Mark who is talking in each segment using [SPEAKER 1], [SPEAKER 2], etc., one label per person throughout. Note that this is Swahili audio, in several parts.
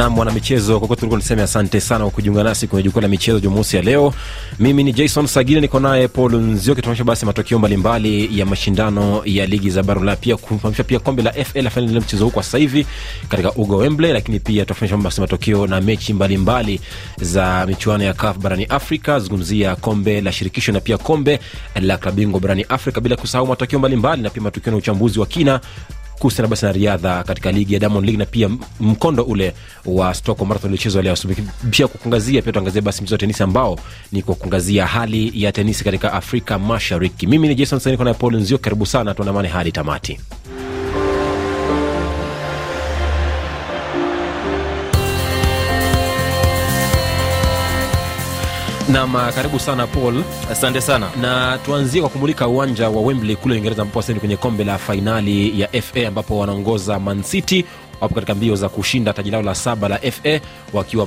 [SPEAKER 1] Nam mwanamichezo, kokote ulikuwa niseme asante sana kwa kujiunga nasi kwenye jukwaa la michezo jumuusi ya leo. Mimi ni Jason Sagini, niko naye Paul Nzioki. Tunaonyesha basi matokeo mbalimbali ya mashindano ya ligi za bara Ulaya, pia kufahamisha pia kombe la fl linaendelea mchezo huu kwa sasahivi katika uga Wembley, lakini pia tutafahamisha basi matokeo na mechi mbalimbali mbali za michuano ya kaf barani Afrika, zungumzia kombe la shirikisho na pia kombe la klabingo barani Afrika, bila kusahau matokeo mbalimbali na pia matokeo na uchambuzi wa kina kuhusiana basi na riadha katika ligi ya Diamond League na pia mkondo ule wa Stockholm Marathon uliochezwa leo. Pia kukungazia pia tuangazie basi mchezo wa tenisi ambao ni kukungazia hali ya tenisi katika Afrika Mashariki. Mimi ni Jason Saniko na Paul Nzio, karibu sana, tuandamane hadi tamati. Nam, ah, karibu sana Paul. Asante sana, na tuanzie kwa kumulika uwanja wa Wembley kule Uingereza, ambapo sasa kwenye kombe la fainali ya FA ambapo wanaongoza mancity wapo katika mbio za kushinda taji lao la saba la FA wakiwa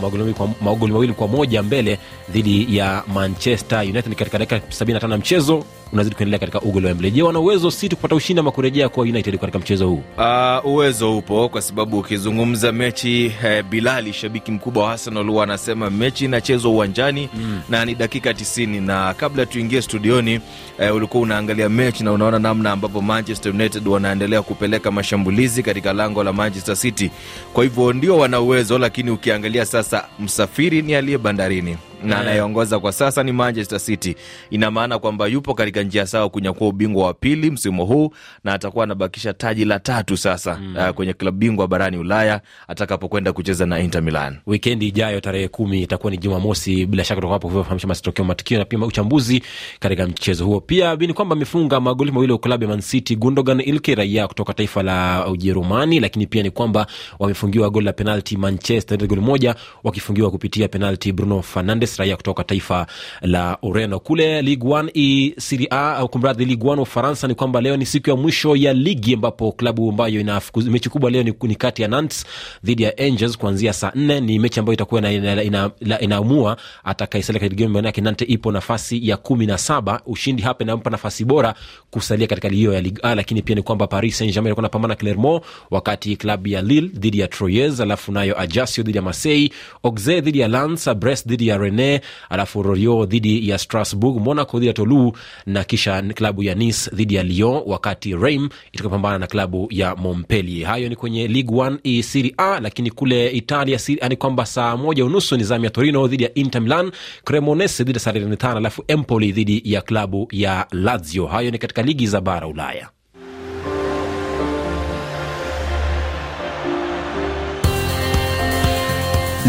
[SPEAKER 1] magoli mawili kwa moja mbele dhidi ya Manchester United katika dakika 75 ya mchezo unazidi kuendelea katika ugo la Wembley. Je, wana uwezo City kupata ushindi ama kurejea kwa United katika mchezo huu?
[SPEAKER 2] Uh, uwezo upo kwa sababu ukizungumza mechi eh, Bilali shabiki mkubwa wa Arsenal huwa anasema mechi inachezwa uwanjani mm. na ni dakika tisini na kabla tuingie studioni eh, ulikuwa unaangalia mechi na unaona namna ambavyo Manchester United wanaendelea kupeleka mashambulizi katika lango la Manchester City. Kwa hivyo ndio wana uwezo, lakini ukiangalia sasa msafiri ni aliye bandarini na eh. anayeongoza kwa sasa ni Manchester City. Ina maana kwamba yupo katika njia sawa kunyakua ubingwa wa pili msimu huu na atakuwa anabakisha taji la tatu sasa mm. uh, kwenye klabu bingwa barani Ulaya atakapokwenda kucheza na Inter Milan
[SPEAKER 1] wikendi ijayo tarehe kumi itakuwa ni Jumamosi. Bila shaka tutakuwa hapo kufahamisha matokeo, matukio na pia uchambuzi katika mchezo huo. Pia ni kwamba amefunga magoli mawili wa klabu ya Man City, Gundogan Ilkay raia kutoka taifa la Ujerumani, lakini pia ni kwamba wamefungiwa goli la penalti Manchester United goli moja wakifungiwa kupitia penalti Bruno Fernandes Alvarez, raia kutoka taifa la Ureno. Kule Ligue 1 e, Serie A au kumradhi, Ligue 1 Ufaransa, ni kwamba leo ni siku ya mwisho ya ligi ambapo klabu ambayo ina mechi kubwa leo ni, ni kati ya Nantes dhidi ya Angels kuanzia saa nne. Ni mechi ambayo itakuwa inaamua ina, ina, atakayesalia katika game manake Nantes ipo nafasi ya kumi na saba. Ushindi hapa inampa nafasi bora kusalia katika ligi hiyo ya Ligue 1, lakini pia ni kwamba Paris Saint Germain ilikuwa inapambana Clermont, wakati klabu ya Lille dhidi ya Troyes, alafu nayo Ajaccio dhidi ya Marseille, Auxerre dhidi ya Lens, Brest dhidi ya Rennes Lyon, alafu rorio dhidi ya Strasbourg, Monaco dhidi ya tolu na kisha klabu ya Nice dhidi ya Lyon, wakati Reims itakapambana na klabu ya mompeli Hayo ni kwenye Ligue 1 e, Serie A, lakini kule Italia ni kwamba saa moja unusu ni zamu ya Torino dhidi ya Inter Milan, Cremonese dhidi ya Salernitana alafu Empoli dhidi ya klabu ya Lazio. Hayo ni katika ligi za bara Ulaya.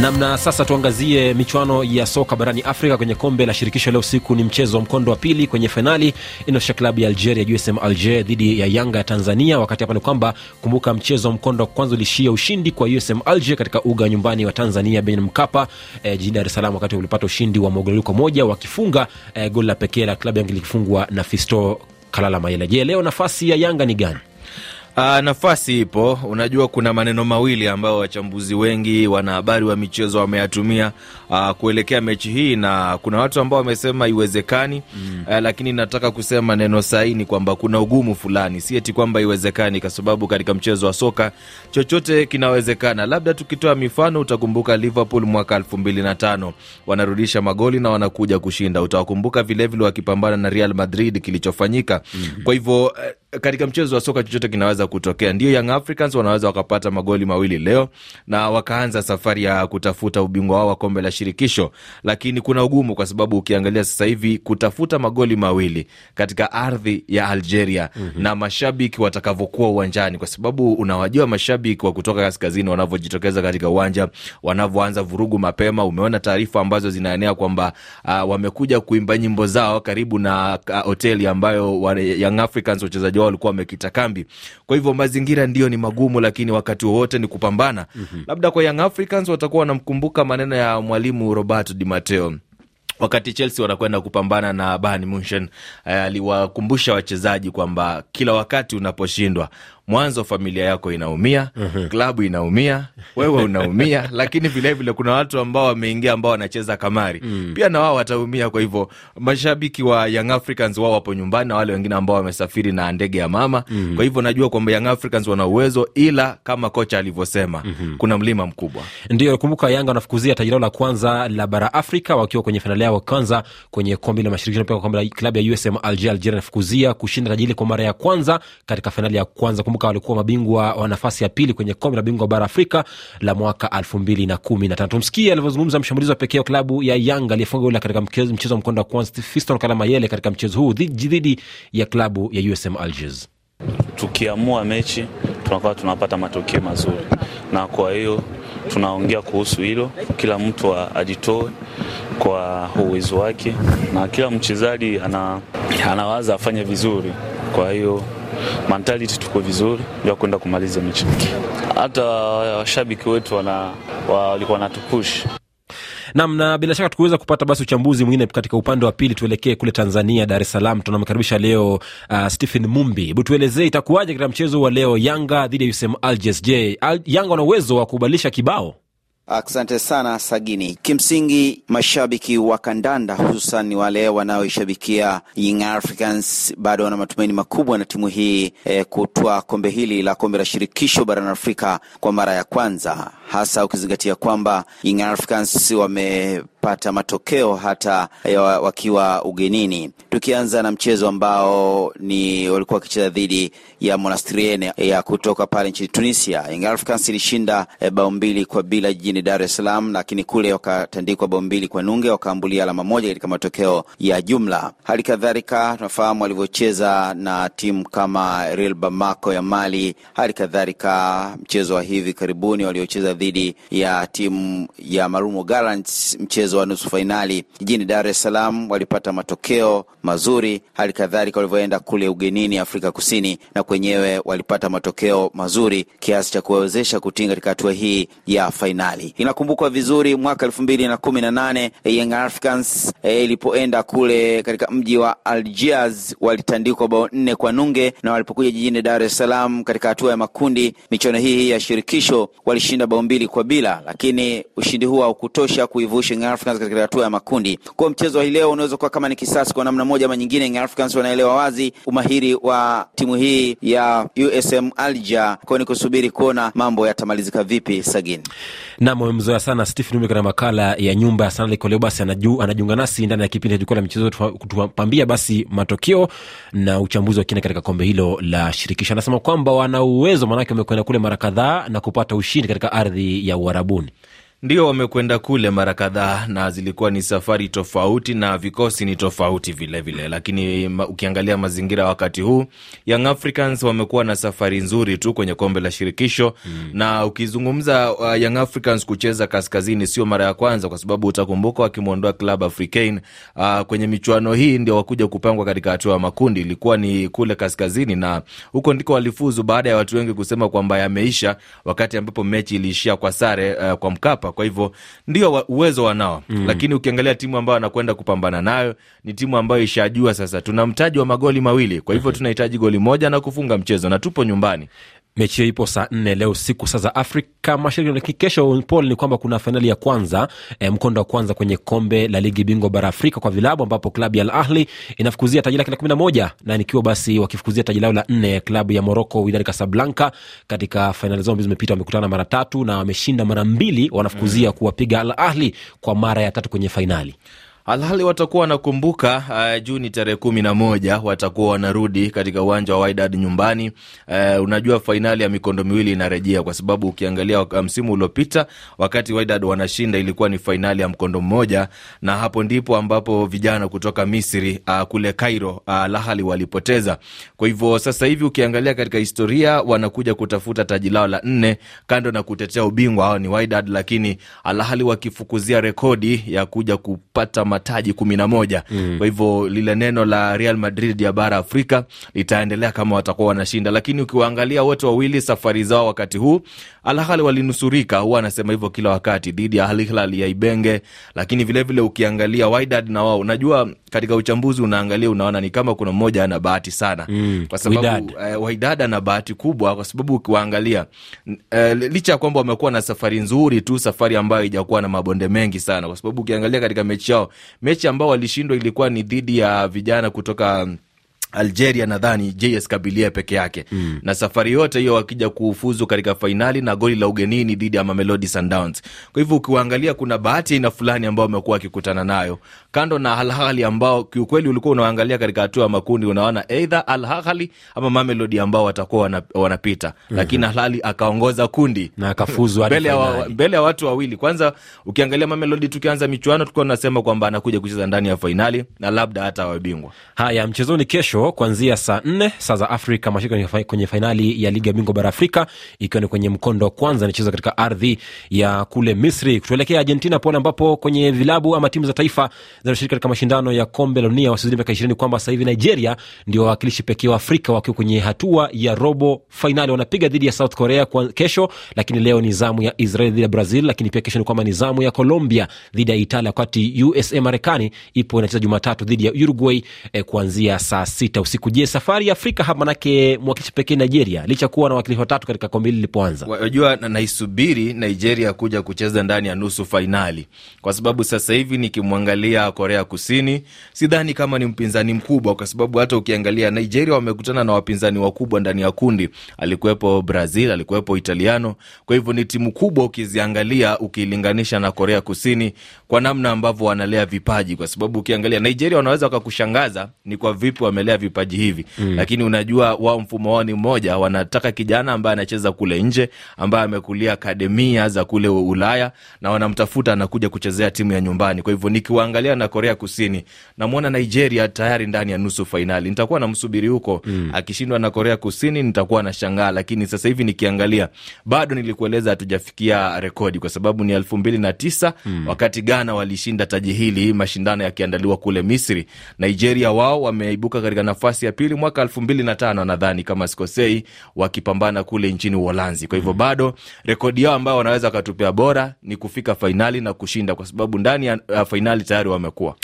[SPEAKER 1] namna sasa tuangazie michuano ya soka barani afrika kwenye kombe la shirikisho leo usiku ni mchezo wa mkondo wa pili kwenye fainali inaosha klabu ya algeria usm alger dhidi ya yanga ya tanzania wakati hapa ni kwamba kumbuka mchezo wa mkondo wa kwanza ulishia ushindi kwa usm alger katika uga nyumbani wa tanzania benjamin mkapa eh, jijini dares salam wakati ulipata ushindi wa mogoliko moja wakifunga eh, goli la pekee la klabu yangi likifungwa na fisto kalala mayele je leo nafasi ya yanga ni gani Aa, ah, nafasi ipo. Unajua, kuna maneno
[SPEAKER 2] mawili ambayo wachambuzi wengi, wanahabari wa michezo wameyatumia ah, kuelekea mechi hii, na kuna watu ambao wamesema iwezekani mm. Aa, ah, lakini nataka kusema neno saini kwamba kuna ugumu fulani, si eti kwamba iwezekani, kwa sababu katika mchezo wa soka chochote kinawezekana. Labda tukitoa mifano, utakumbuka Liverpool mwaka elfu mbili na tano wanarudisha magoli na wanakuja kushinda. Utawakumbuka vilevile wakipambana na Real Madrid kilichofanyika mm -hmm. kwa hivyo eh, katika mchezo wa soka chochote kinaweza kutokea. Ndio Young Africans wanaweza wakapata magoli mawili leo na wakaanza safari ya kutafuta ubingwa wao wa kombe la shirikisho, lakini kuna ugumu kwa sababu ukiangalia sasa hivi kutafuta magoli mawili katika ardhi ya Algeria mm-hmm. na mashabiki watakavyokuwa uwanjani, kwa sababu unawajua mashabiki wa kutoka kaskazini wanavyojitokeza katika uwanja, wanavyoanza vurugu mapema. Umeona taarifa ambazo zinaenea kwamba uh, wamekuja kuimba nyimbo zao karibu na uh, hoteli ambayo wa, Young Africans wachezaji wao walikuwa wamekita kambi. Kwa hivyo mazingira ndio ni magumu, lakini wakati wowote ni kupambana. mm -hmm. Labda kwa Young Africans watakuwa wanamkumbuka maneno ya mwalimu Roberto Di Matteo wakati Chelsea wanakwenda kupambana na Bayern Munchen, eh, aliwakumbusha wachezaji kwamba kila wakati unaposhindwa mwanzo familia yako inaumia, mm-hmm. klabu inaumia, wewe unaumia lakini vilevile kuna watu ambao wameingia ambao wanacheza kamari mm. pia na wao wataumia. Kwa hivyo mashabiki wa Young Africans wao wapo nyumbani na wale wengine ambao wamesafiri na ndege ya mama mm. kwa hivyo najua kwamba Young Africans wana uwezo, ila kama kocha alivyosema
[SPEAKER 1] mm-hmm. kuna mlima mkubwa. Ndio, kumbuka Yanga wanafukuzia taji lao la kwanza la bara Afrika wakiwa kwenye fainali yao kwanza kwenye kombe la mashirikisho, pia kombe la klabu ya USM Alger. Algeria inafukuzia kushinda taji hili kwa mara ya kwanza katika fainali ya kwanza. Kumbuka Kumbuka walikuwa mabingwa wa nafasi ya pili kwenye kombe la bingwa bara Afrika la mwaka elfu mbili na kumi na tano. Tumsikie alivyozungumza mshambulizi wa pekee wa klabu ya Yanga aliyefunga goli katika mchezo wa mkondo wa kwanza, Fiston Kalamayele, katika mchezo huu dhidi ya klabu ya USM Alges. Tukiamua mechi tunakuwa tunapata matokeo mazuri,
[SPEAKER 2] na kwa hiyo tunaongea kuhusu hilo, kila mtu ajitoe kwa uwezo wake, na kila mchezaji ana, anawaza afanye vizuri, kwa hiyo mentality tuko vizuri ya kwenda kumaliza mechi.
[SPEAKER 1] Hata washabiki uh, wetu walikuwa wanatupush nam na bila shaka tukuweza kupata basi uchambuzi mwingine katika upande wa pili. Tuelekee kule Tanzania, Dar es Salaam. Tunamkaribisha leo uh, Stephen Mumbi. Hebu tuelezee itakuwaje katika mchezo wa leo, Yanga dhidi ya USM Alger? Je, Yanga wana uwezo wa kubadilisha kibao?
[SPEAKER 3] Asante sana Sagini. Kimsingi, mashabiki wa kandanda hususan wale wanaoishabikia Young Africans bado wana matumaini makubwa na timu hii e, kutwaa kombe hili la kombe la shirikisho barani Afrika kwa mara ya kwanza, hasa ukizingatia kwamba Young Africans wame kupata matokeo hata wakiwa ugenini. Tukianza na mchezo ambao ni walikuwa wakicheza dhidi ya Monastriene ya kutoka pale nchini Tunisia. Young Africans ilishinda e, bao mbili kwa bila jijini Dar es Salaam, lakini kule wakatandikwa bao mbili kwa nunge, wakaambulia alama moja katika matokeo ya jumla. Hali kadhalika tunafahamu walivyocheza na timu kama Real Bamako ya Mali, hali kadhalika mchezo wa hivi karibuni waliocheza dhidi ya timu ya Marumo Gallants mchezo mchezo wa nusu fainali jijini Dar es Salaam walipata matokeo mazuri, hali kadhalika walivyoenda kule ugenini Afrika Kusini na kwenyewe walipata matokeo mazuri kiasi cha kuwawezesha kutinga katika hatua hii ya fainali. Inakumbukwa vizuri mwaka elfu mbili na kumi na nane Young Africans e, ilipoenda kule katika mji wa Algiers walitandikwa bao nne kwa nunge, na walipokuja jijini Dar es Salaam katika hatua ya makundi michuano hii ya shirikisho walishinda bao mbili kwa bila, lakini ushindi huo haukutosha kuivusha Africans katika hatua ya makundi. Kwa mchezo hii leo unaweza kuwa kama ni kisasi kwa namna moja ama nyingine. Young Africans wanaelewa wazi umahiri wa timu hii ya USM alja kwa ni kusubiri kuona mambo yatamalizika
[SPEAKER 1] vipi. Sagini nam amemzoea sana Stephen Umbe katika makala ya nyumba ya sanaa liko leo. Basi anajiunga nasi ndani ya kipindi cha jukwaa la michezo, tupambia basi matokeo na uchambuzi wa kina katika kombe hilo la shirikisho. Anasema kwamba wana uwezo, maanake wamekwenda kule mara kadhaa na kupata ushindi katika ardhi ya Uarabuni. Ndio, wamekwenda kule mara kadhaa na zilikuwa ni safari
[SPEAKER 2] tofauti na vikosi ni tofauti vilevile vile. Lakini ma, ukiangalia mazingira wakati huu Young Africans wamekuwa na safari nzuri tu kwenye kombe la shirikisho mm. Na ukizungumza uh, Young Africans kucheza kaskazini sio mara ya kwanza, kwa sababu utakumbuka wakimwondoa Club Africain uh, kwenye michuano hii ndio wakuja kupangwa katika hatua ya makundi, ilikuwa ni kule kaskazini, na huko ndiko walifuzu baada ya watu wengi kusema kwamba yameisha, wakati ambapo mechi iliishia kwa sare uh, kwa Mkapa kwa hivyo ndio wa, uwezo wanao mm. Lakini ukiangalia timu ambayo anakwenda kupambana nayo ni timu ambayo ishajua sasa tuna mtaji wa magoli mawili, kwa hivyo mhm.
[SPEAKER 1] tunahitaji goli moja na kufunga mchezo na tupo nyumbani mechi hiyo ipo saa nne leo siku saa za Afrika Mashariki, lakini kesho Paul, ni kwamba kuna fainali ya kwanza e, mkondo wa kwanza kwenye kombe la ligi bingwa bara Afrika kwa vilabu, ambapo klabu ya Al Ahli inafukuzia taji lake la kumi na moja na nikiwa basi wakifukuzia taji lao la nne klabu ya Moroko Wydad Kasablanka. Katika fainali zao ambazo zimepita wamekutana mara tatu na wameshinda mara mbili, wanafukuzia mm. kuwapiga Al Ahli kwa mara ya tatu kwenye fainali alhali watakuwa wanakumbuka uh, Juni tarehe kumi na moja watakuwa wanarudi katika
[SPEAKER 2] uwanja wa Wydad nyumbani. Uh, unajua fainali ya mikondo miwili inarejea, kwa sababu ukiangalia eh, msimu uliopita wakati Wydad wanashinda ilikuwa ni fainali ya mkondo mmoja, na hapo ndipo ambapo vijana kutoka Misri uh, kule Cairo uh, lahali walipoteza. Kwa hivyo sasa hivi ukiangalia katika historia wanakuja kutafuta taji lao la nne, kando na kutetea ubingwa, hao ni Wydad, lakini alhali wakifukuzia rekodi ya kuja kupata mataji kumi na moja mm. Kwa hivyo lile neno la Real Madrid ya bara Afrika litaendelea kama watakuwa wanashinda, lakini ukiwaangalia wote wawili safari zao wakati huu, Al Ahly walinusurika, huwa anasema hivyo kila wakati dhidi ya Al Hilal ya Ibenge, lakini vilevile vile ukiangalia Wydad na wao, unajua katika uchambuzi unaangalia, unaona ni kama kuna mmoja ana bahati sana mm. kwa sababu Wydad, uh, ana bahati kubwa kwa sababu ukiwaangalia uh, licha ya kwamba wamekuwa na safari nzuri tu, safari ambayo haijakuwa na mabonde mengi sana, kwa sababu ukiangalia katika mechi yao Mechi ambao walishindwa ilikuwa ni dhidi ya vijana kutoka Algeria nadhani JS Kabylie peke yake mm. na safari yote hiyo wakija kufuzu katika fainali na goli la ugenini dhidi ya Mamelodi Sundowns. Kwa hivyo ukiwaangalia, kuna bahati aina fulani ambao wamekuwa wakikutana nayo, kando na Al Ahly ambao kiukweli ulikuwa unaangalia katika hatua ya makundi, unaona either Al Ahly ama Mamelodi ambao watakuwa wana, wanapita mm -hmm. lakini Al Ahly akaongoza kundi na akafuzu mbele ya wa, mbele ya watu wawili. Kwanza ukiangalia Mamelodi, tukianza michuano tulikuwa tunasema kwamba
[SPEAKER 1] anakuja kucheza ndani ya fainali na labda hata wabingwa. Haya, mchezoni kesho kesho kuanzia saa nne saa za Afrika Mashariki kwenye fainali ya ligi ya bingwa bara Afrika, ikiwa ni kwenye mkondo wa kwanza nichezo katika ardhi ya kule Misri. Tuelekea Argentina pole ambapo kwenye vilabu ama timu za taifa zinazoshiriki katika mashindano ya kombe la dunia wasiozidi miaka ishirini, kwamba sasa hivi Nigeria ndio wawakilishi pekee wa Afrika wakiwa kwenye hatua ya robo fainali. Wanapiga dhidi ya South Korea kwa kesho, lakini leo ni zamu ya Israel dhidi ya Brazil, lakini pia kesho ni kwamba ni zamu ya Colombia dhidi ya Italia, wakati USA Marekani ipo inacheza Jumatatu dhidi ya Uruguay eh, kuanzia saa sita sita usiku. Je, safari ya Afrika hapa, manake mwakilishi pekee Nigeria licha kuwa na wakilishi watatu katika kombe hili lilipoanza.
[SPEAKER 2] Wajua, naisubiri na Nigeria kuja kucheza ndani ya nusu fainali, kwa sababu sasa hivi nikimwangalia Korea Kusini sidhani kama ni mpinzani mkubwa, kwa sababu hata ukiangalia Nigeria wamekutana na wapinzani wakubwa ndani ya kundi, alikuwepo Brazil, alikuwepo Italiano. Kwa hivyo ni timu kubwa ukiziangalia, ukilinganisha na Korea Kusini kwa namna ambavyo wanalea vipaji, kwa sababu ukiangalia Nigeria wanaweza wakakushangaza ni kwa vipi wamelea kuendelea vipaji hivi mm. Lakini unajua wao mfumo wao ni mmoja, wanataka kijana ambaye anacheza kule nje, ambaye amekulia akademia za kule Ulaya na wanamtafuta anakuja kuchezea timu ya nyumbani. Kwa hivyo nikiwaangalia na Korea Kusini, namwona Nigeria tayari ndani ya nusu fainali, nitakuwa namsubiri huko mm. Akishindwa na Korea Kusini nitakuwa na shangaa lakini sasa hivi nikiangalia, bado nilikueleza hatujafikia rekodi kwa sababu ni elfu mbili na tisa mm. wakati Ghana walishinda taji hili, mashindano yakiandaliwa kule Misri. Nigeria wao wameibuka katika nafasi ya pili mwaka elfu mbili na tano nadhani kama sikosei, wakipambana kule nchini Uholanzi. Kwa hivyo mm-hmm. bado rekodi yao ambayo wanaweza wakatupea bora ni kufika fainali na kushinda, kwa sababu ndani ya fainali tayari wamekuwa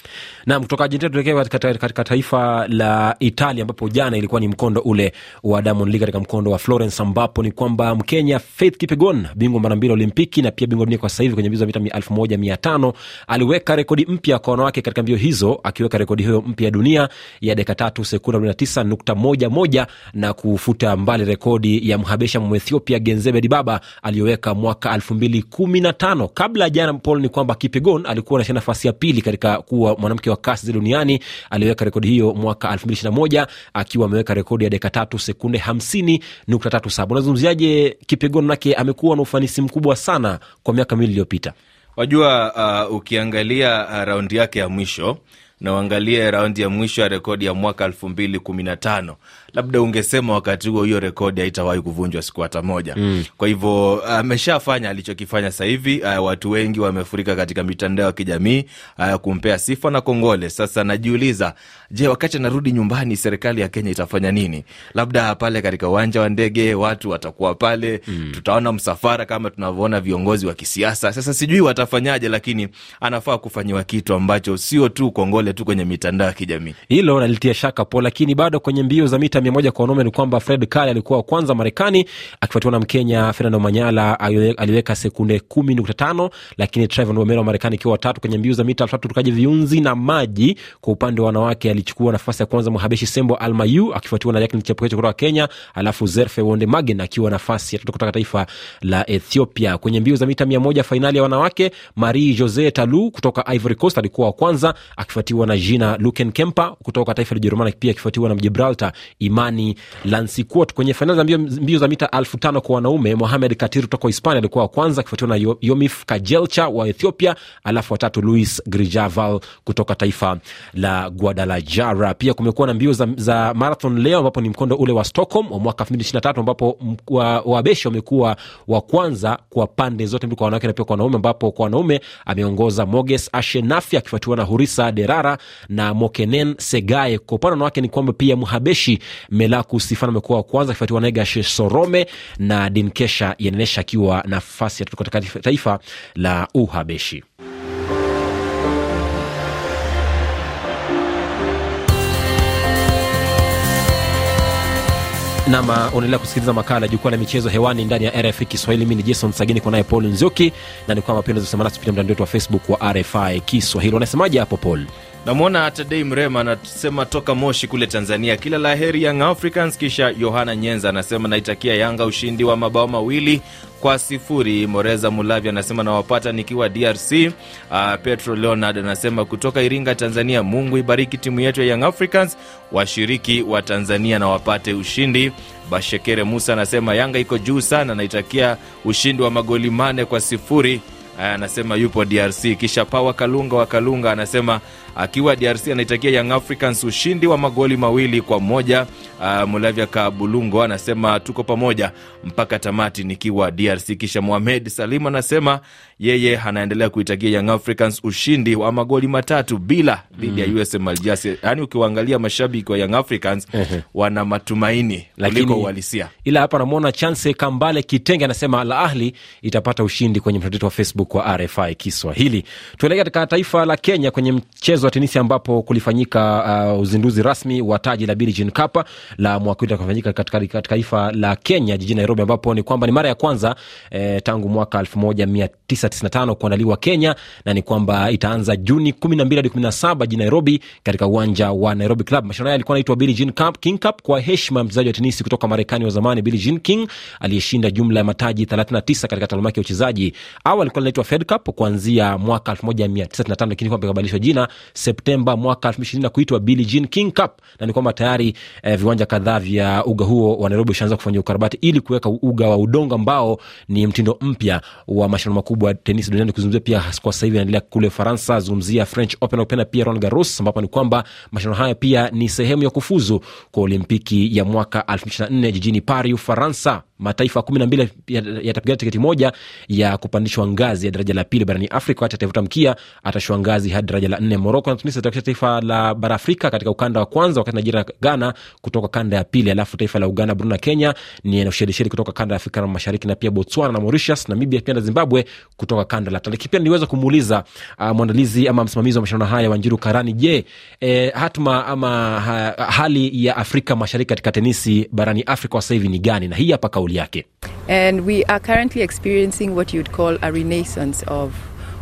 [SPEAKER 1] nam. Kutoka Argentina tuelekee katika, katika taifa la Italia ambapo jana ilikuwa ni mkondo ule wa Diamond League katika mkondo wa Florence, ambapo ni kwamba Mkenya Faith Kipegon, bingwa mara mbili Olimpiki na pia bingwa dunia kwa sasa hivi kwenye mbio za mita elfu moja mia tano aliweka rekodi mpya kwa wanawake katika mbio hizo, akiweka rekodi hiyo mpya ya dunia ya dakika tatu sekunde 49.11 na kufuta mbali rekodi ya mhabesha mwethiopia genzebe dibaba aliyoweka mwaka 2015 kabla jana paul ni kwamba kipegon alikuwa anashia nafasi ya pili katika kuwa mwanamke wa kasi duniani aliweka rekodi hiyo mwaka 2021 akiwa ameweka rekodi ya dakika tatu sekunde 50.37 unazungumziaje kipegon manake amekuwa na ufanisi mkubwa sana kwa miaka miwili iliyopita
[SPEAKER 2] wajua uh, ukiangalia uh, raundi yake ya mwisho na uangalie raundi ya mwisho ya rekodi ya mwaka elfu mbili kumi na tano labda ungesema wakati huo hiyo rekodi haitawahi kuvunjwa siku hata moja mm. kwa hivyo ameshafanya uh, alichokifanya sahivi uh, watu wengi wamefurika katika mitandao ya kijamii uh, kumpea sifa na kongole sasa najiuliza je wakati anarudi nyumbani serikali ya kenya itafanya nini labda pale katika uwanja wa ndege watu watakuwa pale mm. tutaona msafara kama tunavyoona viongozi wa kisiasa sasa sijui watafanyaje lakini anafaa kufanyiwa kitu ambacho sio tu kongole kuangalia tu kwenye mitandao ya kijamii.
[SPEAKER 1] Hilo nalitia shaka po, lakini bado kwenye mbio za mita mia moja kwa wanaume ni kwamba Fred Kali alikuwa wa kwanza Marekani akifuatiwa na Mkenya Fernando Manyala aliweka sekunde kumi nukta tano lakini Trevon Bomero wa Marekani ikiwa watatu kwenye mbio za mita elfu tatu tukaji viunzi na maji. Kwa upande wa wanawake alichukua nafasi ya kwanza Mhabeshi Sembo Almayu akifuatiwa na Jacqueline Chepkoech kutoka Kenya, alafu Zerfe Wonde Magen akiwa nafasi ya tatu kutoka taifa la Ethiopia. Kwenye mbio za mita mia moja fainali ya wanawake Marie Jose Talu kutoka Ivory Coast alikuwa wa kwanza akifuatiwa akifuatiwa na jina Luken Kempa kutoka taifa la Ujerumani, pia akifuatiwa na Mjibralta Imani Lansiquot. Kwenye fainali za mbio, mbio za mita elfu tano kwa wanaume, Mohamed Katir kutoka Hispania alikuwa wa kwanza, akifuatiwa na Yomif Kajelcha wa Ethiopia, alafu watatu Luis Grijaval kutoka taifa la Guadalajara. Pia kumekuwa na mbio za, za marathon leo, ambapo ni mkondo ule wa Stockholm wa mwaka 2023 ambapo wabeshi wa wamekuwa wa kwanza kwa pande zote mbili, kwa wanawake na pia kwa wanaume, ambapo kwa wanaume ameongoza Moges Ashenafi akifuatiwa na Hurisa Derara Kamara na Mokenen Segae. Kwa upande wanawake ni kwamba pia Mhabeshi Melaku Sifana amekuwa wa kwanza akifuatiwa na Agash Sorome na Dinkesha Yenenesha akiwa nafasi ya tatu katika taifa la Uhabeshi. nam unaendelea kusikiliza makala jukwaa la michezo hewani ndani ya rfi kiswahili mi ni jason sagini kwa naye paul nzioki na ni kwamba pia unaweza kusema nasi kupitia mtandao wetu wa facebook wa rfi kiswahili Unasemaje hapo paul
[SPEAKER 2] Namwona Dei Mrema anasema toka Moshi kule Tanzania, kila la heri Young Africans. Kisha Yohana Nyenza anasema naitakia Yanga ushindi wa mabao mawili kwa sifuri. Moreza Mulavi anasema nawapata nikiwa DRC. Uh, ah, Petro Leonard anasema kutoka Iringa, Tanzania, Mungu ibariki timu yetu ya Young Africans, washiriki wa Tanzania na wapate ushindi. Bashekere Musa anasema Yanga iko juu sana, naitakia ushindi wa magoli mane kwa sifuri. Ah, anasema yupo DRC. Kisha Pawa Kalunga wa Kalunga anasema akiwa DRC anaitakia Young Africans ushindi wa magoli mawili kwa moja. Uh, ah, Mulavya Kabulungo anasema tuko pamoja mpaka tamati nikiwa DRC. Kisha muhamed Salim anasema yeye anaendelea kuitakia Young Africans ushindi wa magoli matatu
[SPEAKER 1] bila dhidi mm. ya USM Algiers. Yani ukiwaangalia mashabiki wa Young Africans wana matumaini kuliko uhalisia, ila hapa anamwona Chance Kambale Kitenge anasema Al Ahli itapata ushindi kwenye mtandao wa Facebook wa RFI Kiswahili. Tuelekea katika taifa la Kenya kwenye mchezo mchezo wa tenisi ambapo kulifanyika uh, uzinduzi rasmi wa taji la Billie Jean Cup la mwaka huu kufanyika katika taifa la Kenya jijini Nairobi, ambapo ni kwamba ni mara ya kwanza eh, tangu mwaka 1995 kuandaliwa Kenya, na ni kwamba itaanza Juni 12 hadi 17 jijini Nairobi katika uwanja wa Nairobi Club. Mashindano haya yalikuwa naitwa Billie Jean Cup, King Cup kwa heshima ya mchezaji wa tenisi kutoka Marekani wa zamani Billie Jean King aliyeshinda jumla ya mataji 39 katika taaluma yake ya uchezaji. Awali alikuwa linaitwa Fed Cup kuanzia mwaka 1995 lakini kwamba ikabadilishwa jina Septemba mwaka elfu 2020 na kuitwa Billie Jean King Cup, na ni kwamba tayari eh, viwanja kadhaa vya uga huo wa Nairobi ushaanza kufanya ukarabati ili kuweka uga wa udongo ambao ni mtindo mpya wa mashindano makubwa ya tenisi duniani. Kuzungumzia pia kwa sasa hivi anaendelea kule Ufaransa, zungumzia French Open kupenda pia Roland Garros, ambapo ni kwamba mashindano haya pia ni sehemu ya kufuzu kwa Olimpiki ya mwaka elfu na nne jijini Paris, Ufaransa mataifa kumi na mbili yatapigana ya tiketi moja ya kupandishwa ngazi ya daraja la pili barani Afrika. Wakati atavuta mkia, atashua ngazi hadi daraja la nne. Moroko na Tunisia zitawakilisha taifa la bara Afrika katika ukanda wa kwanza, wakati Nigeria na Ghana kutoka kanda ya pili, alafu taifa la Uganda, Burundi na Kenya ni Ushelisheli kutoka kanda ya Afrika na Mashariki, na pia Botswana na Mauritius, Namibia pia na Zimbabwe kutoka kanda la Atlantiki. Pia niliweza kumuuliza uh, mwandalizi ama msimamizi wa mashindano haya Wanjiru Karani, je, eh, hatma ama ha, hali ya Afrika Mashariki katika tenisi barani Afrika sasa hivi ni gani? Na hii hapa kauli yake.
[SPEAKER 4] And we are currently experiencing what you'd call a renaissance of,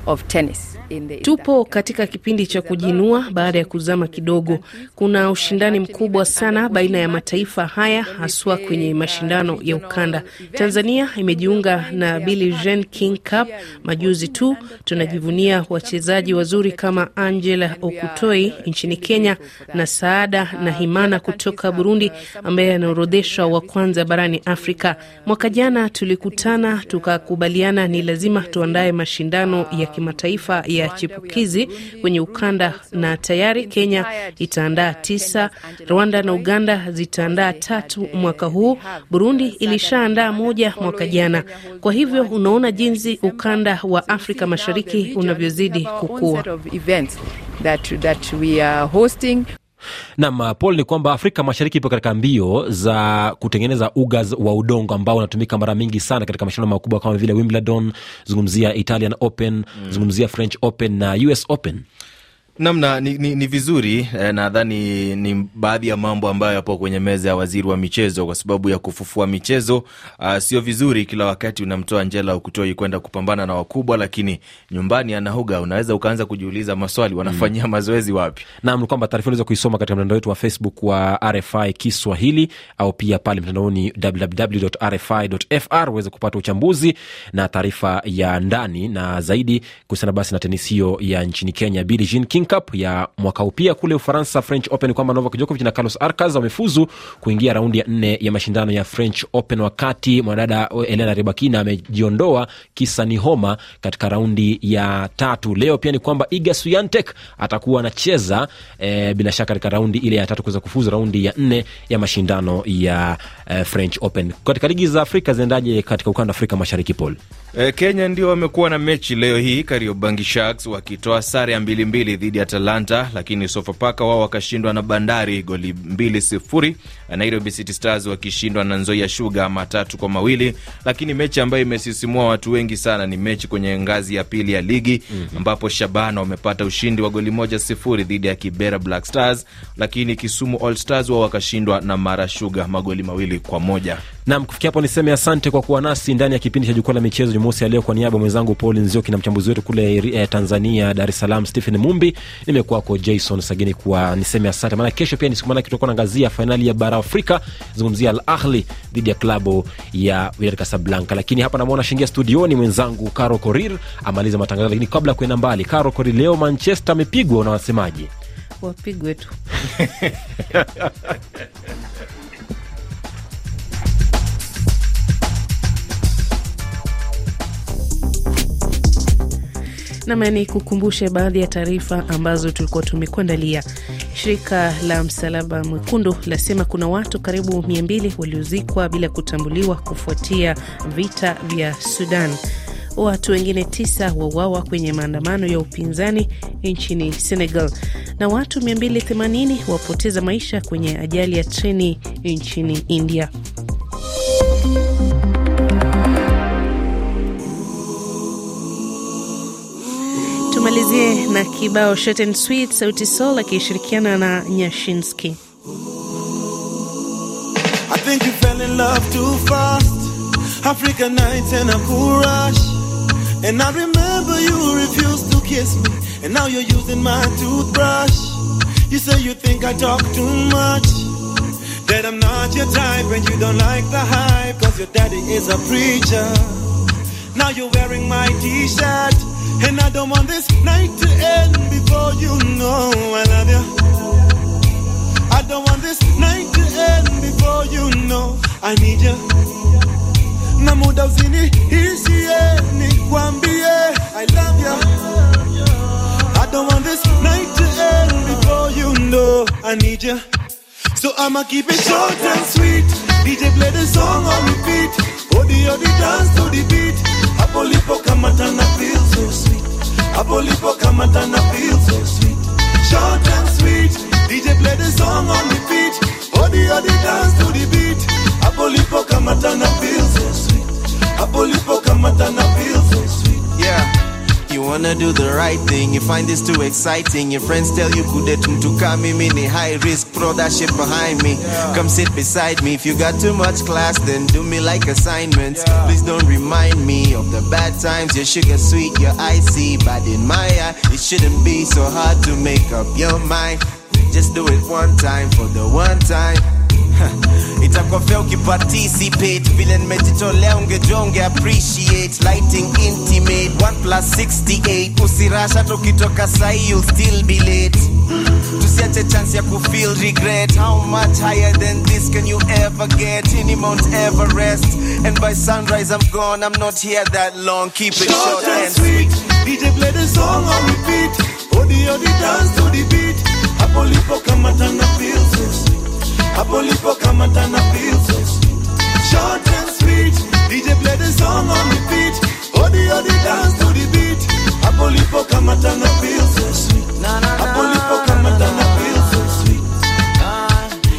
[SPEAKER 4] of tennis. Tupo katika kipindi cha kujinua baada ya kuzama kidogo. Kuna ushindani mkubwa sana baina ya mataifa haya, haswa kwenye mashindano ya ukanda. Tanzania imejiunga na Billie Jean King Cup majuzi tu. Tunajivunia wachezaji wazuri kama Angela Okutoi nchini Kenya na Saada na Himana kutoka Burundi, ambaye anaorodheshwa wa kwanza barani Afrika. Mwaka jana tulikutana tukakubaliana ni lazima tuandae mashindano ya kimataifa ya ya chipukizi kwenye ukanda, na tayari Kenya itaandaa tisa, Rwanda na Uganda zitaandaa tatu mwaka huu. Burundi ilishaandaa moja mwaka jana. Kwa hivyo unaona jinsi ukanda wa Afrika Mashariki unavyozidi kukua.
[SPEAKER 1] Nam uh, Paul, ni kwamba Afrika Mashariki ipo katika mbio za kutengeneza uga wa udongo ambao unatumika mara mingi sana katika mashindano makubwa kama vile Wimbledon, zungumzia Italian Open, mm. zungumzia French Open na US Open. Namna
[SPEAKER 2] ni, ni, ni vizuri eh, nadhani ni baadhi ya mambo ambayo yapo kwenye meza ya waziri wa michezo kwa sababu ya kufufua michezo. Uh, sio vizuri kila wakati unamtoa Njela Ukutoi kwenda kupambana na wakubwa, lakini nyumbani anahuga unaweza ukaanza kujiuliza maswali, wanafanyia mm,
[SPEAKER 1] mazoezi wapi? nam kwamba taarifa unaweza kuisoma katika mtandao wetu wa Facebook wa RFI Kiswahili au pia pale mtandaoni www.rfi.fr uweze kupata uchambuzi na taarifa ya ndani na zaidi kuhusiana basi na tenisi hiyo ya nchini Kenya Billie Jean King Cup ya mwaka huu. Pia kule Ufaransa, French Open, kwamba Novak jokovich na Carlos arcas wamefuzu kuingia raundi ya nne ya mashindano ya French Open, wakati mwanadada eh, Elena Rybakina amejiondoa kisa ni homa katika raundi ya tatu. Leo pia ni kwamba Iga suyantek atakuwa anacheza e, bila shaka katika raundi ile ya tatu kuweza kufuzu raundi ya nne ya mashindano ya e, French Open. Katika ligi za Afrika ziendaje katika ukanda Afrika Mashariki, Paul?
[SPEAKER 2] E, Kenya ndio wamekuwa na mechi leo hii, Kariobangi Sharks wakitoa sare ya mbilimbili mbili dhidi dhidi ya Atalanta, lakini Sofapaka wao wakashindwa na Bandari goli mbili sifuri. Nairobi City Stars wakishindwa na Nzoia shuga matatu kwa mawili. Lakini mechi ambayo imesisimua watu wengi sana ni mechi kwenye ngazi ya pili ya ligi mhm. ambapo mm -hmm. Shabana wamepata ushindi wa goli moja sifuri dhidi ya Kibera Black Stars, lakini Kisumu All Stars wao wakashindwa na Mara shuga magoli mawili kwa moja.
[SPEAKER 1] Nam, kufikia hapo niseme asante kwa kuwa nasi ndani ya kipindi cha Jukwaa la Michezo Jumamosi ya leo. Kwa niaba mwenzangu Paul Nzioki na mchambuzi wetu kule eh, Tanzania, Dar es Salaam, Stephen Mumbi, nimekuwako Jason Sagini kuwa niseme asante, maana kesho pia ni siku, manake tutakuwa naangazia fainali ya bara Afrika, zungumzia Al Ahli dhidi ya klabu ya Wydad Kasablanka. Lakini hapa namwona shingia studioni mwenzangu Caro Korir amaliza matangazo, lakini kabla ya kuenda mbali, Caro Korir, leo Manchester amepigwa na wasemaji
[SPEAKER 4] wapigwe tu Nama ni kukumbushe baadhi ya taarifa ambazo tulikuwa tumekuandalia. Shirika la Msalaba Mwekundu lasema kuna watu karibu 200 waliozikwa bila kutambuliwa kufuatia vita vya Sudan. Watu wengine tisa wauawa kwenye maandamano ya upinzani nchini Senegal, na watu 280 wapoteza maisha kwenye ajali ya treni nchini India. Tumalizie na kibao Short and Sweet, Sauti Sol akishirikiana na Nyashinski.
[SPEAKER 5] I think you fell in love too fast. Africa nights and a cool rush. And I remember you refused to kiss me. And now you're using my toothbrush. You say you think I talk too much. That I'm not your type and you don't like the hype. Cause your daddy is a preacher. Now you're wearing my t shirt. And I don't want this night to end before you know I love you. I don't want this night to end before you know I need you. zini, muda ni nikwambie I love you. I don't want this night to end before you know I need you. So I'ma keep it short and sweet. DJ play the song on repeat. Odi odi dance to the beat. Apolipo kamata na feel so sweet. Hapo ulipokamata I feel so sweet Short and sweet DJ play the song on the repeat Odi the dance to the beat Hapo ulipokamata I feel so sweet Hapo ulipokamata I feel so sweet Yeah you wanna do the right thing, you find this too exciting. Your friends tell
[SPEAKER 3] you good at to come mini high risk, throw that shit behind me. Yeah. Come sit beside me. If you got too much class, then do me like assignments. Yeah. Please don't remind me of the bad times. Your sugar sweet, your icy, but in my eye, it shouldn't be so hard to make up your mind. Just do it one time for the one time itakofea ukiparticipate vile nimejitolea ungejua unge appreciate lighting intimate 1 plus 68 usirasha tukitoka sahi you still be late tusiache chance ya kufeel regret how much higher than this can you ever
[SPEAKER 5] get ini mount everest and by sunrise i'm gone i'm not here that long keep it short, short and, and sweet. sweet dj play the song on repeat odi odi dance to the beat hapo lipo kama tana feels hapo lipo kama tana feels short and sweet DJ play the song on repeat odi odi dance to the beat hapo lipo kama tana feels so sweet hapo lipo kama tana feels so sweet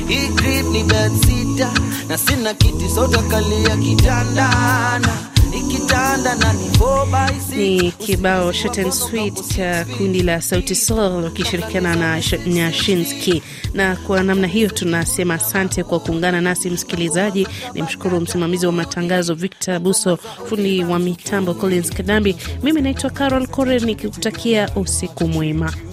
[SPEAKER 5] hii grip ni bad sita
[SPEAKER 3] na sina kiti sotakalia kitandana
[SPEAKER 4] ni kibao Short Sweet cha kundi la Sauti Sol wakishirikiana na Nyashinski. Na kwa namna hiyo tunasema asante kwa kuungana nasi msikilizaji. Ni mshukuru msimamizi wa matangazo Victor Buso, fundi wa mitambo Collins Kadambi. Mimi naitwa Carol Core nikikutakia usiku mwema.